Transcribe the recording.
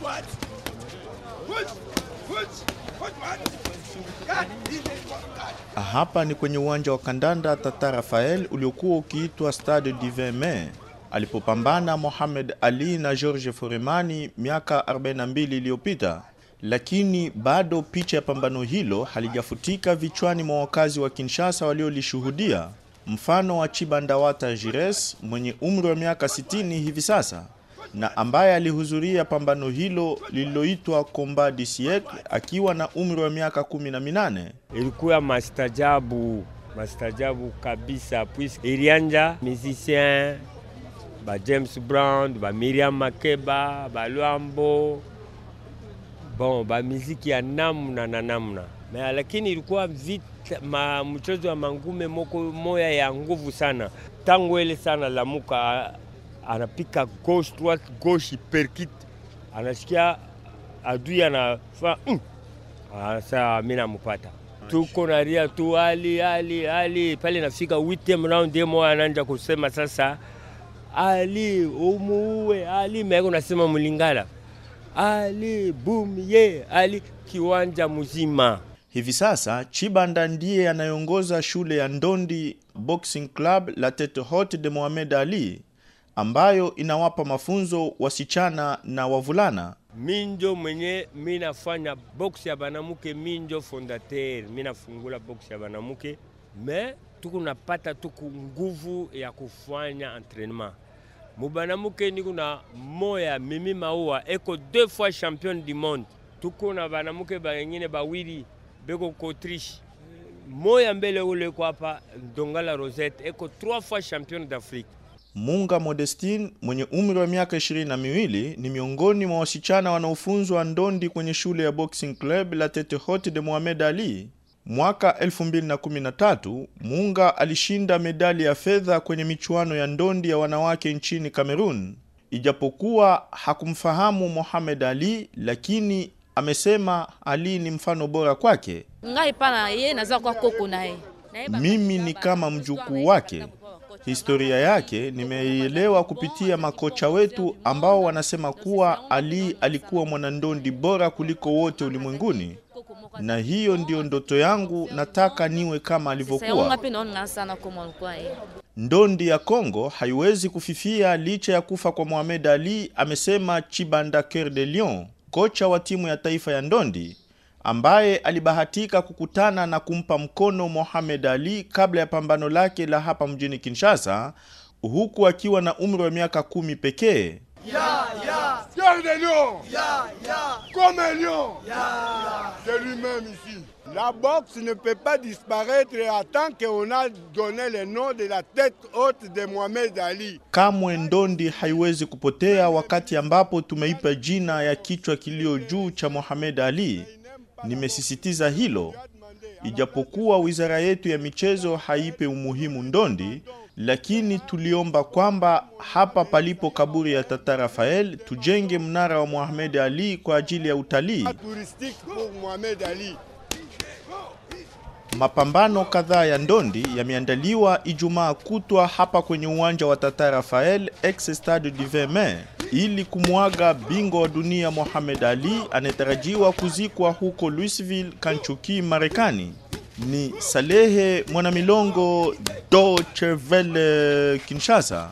Push, push, ah, Hapa ni kwenye uwanja wa kandanda Tata Rafael uliokuwa ukiitwa Stade Divin Mai alipopambana Mohamed Ali na George Foremani miaka 42 iliyopita, lakini bado picha ya pambano hilo halijafutika vichwani mwa wakazi wa Kinshasa waliolishuhudia, mfano wa Chibandawata Jires mwenye umri wa miaka 60 hivi sasa na ambaye alihudhuria pambano hilo lililoitwa Combat du siècle akiwa na umri wa miaka kumi na minane. Ilikuwa mastajabu mastajabu kabisa, puis ilianja musicien ba James Brown, ba Miriam Makeba, ba Luambo, bon ba muziki ya namna na namna na, lakini ilikuwa vita ma mchezo wa mangume moko moya ya nguvu sana tangu ele sana lamuka anapika gauche droite gauche perkit, anasikia adui anafa mm. Ah, sasa mimi nampata ah, tuko nalia tu hali hali hali pale, nafika 8 round yemo anaanza kusema sasa, ali umuue ali meko, nasema Mlingala ali boom ye ali kiwanja mzima. Hivi sasa Chibanda ndiye anayeongoza shule ya Ndondi Boxing Club la Tete Haute de Mohamed Ali ambayo inawapa mafunzo wasichana na wavulana. Minjo mwenye minafanya box ya banamuke, minjo fondateur minafungula box ya banamuke me tukunapata tuku nguvu ya kufanya entraînement mubanamuke, nikuna moya mimi maua eko deux fois championne du monde. Tuko na banamuke bangine bawili beko kotrishi moya mbele ule kwapa Ndongala Rosette eko trois fois championne d'Afrique Munga Modestine mwenye umri wa miaka ishirini na miwili ni miongoni mwa wasichana wanaofunzwa ndondi kwenye shule ya boxing club la Tete Hot de Mohamed Ali. Mwaka 2013 Munga alishinda medali ya fedha kwenye michuano ya ndondi ya wanawake nchini Cameroon. Ijapokuwa hakumfahamu Mohamed Ali, lakini amesema Ali ni mfano bora kwake. Mimi ni kama mjukuu wake Historia yake nimeielewa kupitia makocha wetu ambao wanasema kuwa Ali alikuwa mwanandondi bora kuliko wote ulimwenguni, na hiyo ndiyo ndoto yangu. Nataka niwe kama alivyokuwa. Ndondi ya Kongo haiwezi kufifia licha ya kufa kwa Mohamed Ali, amesema Chibanda Coeur de Lion, kocha wa timu ya taifa ya ndondi ambaye alibahatika kukutana na kumpa mkono Mohamed Ali kabla ya pambano lake la hapa mjini Kinshasa, huku akiwa na umri wa miaka kumi pekee. La boxe ne peut pas disparaître tant on a donné le nom de la tête haute de Mohamed Ali. Kamwe ndondi haiwezi kupotea wakati ambapo tumeipa jina ya kichwa kilio juu cha Mohamed Ali. Nimesisitiza hilo, ijapokuwa wizara yetu ya michezo haipe umuhimu ndondi, lakini tuliomba kwamba hapa palipo kaburi ya Tata Rafael tujenge mnara wa Mohamed Ali kwa ajili ya utalii. Mapambano kadhaa ya ndondi yameandaliwa Ijumaa kutwa hapa kwenye uwanja wa Tata Rafael ex Stade du 20 Mai ili kumwaga bingwa wa dunia Mohamed Ali anayetarajiwa kuzikwa huko Louisville, kanchuki Marekani. Ni Salehe Mwanamilongo Dochevele Kinshasa.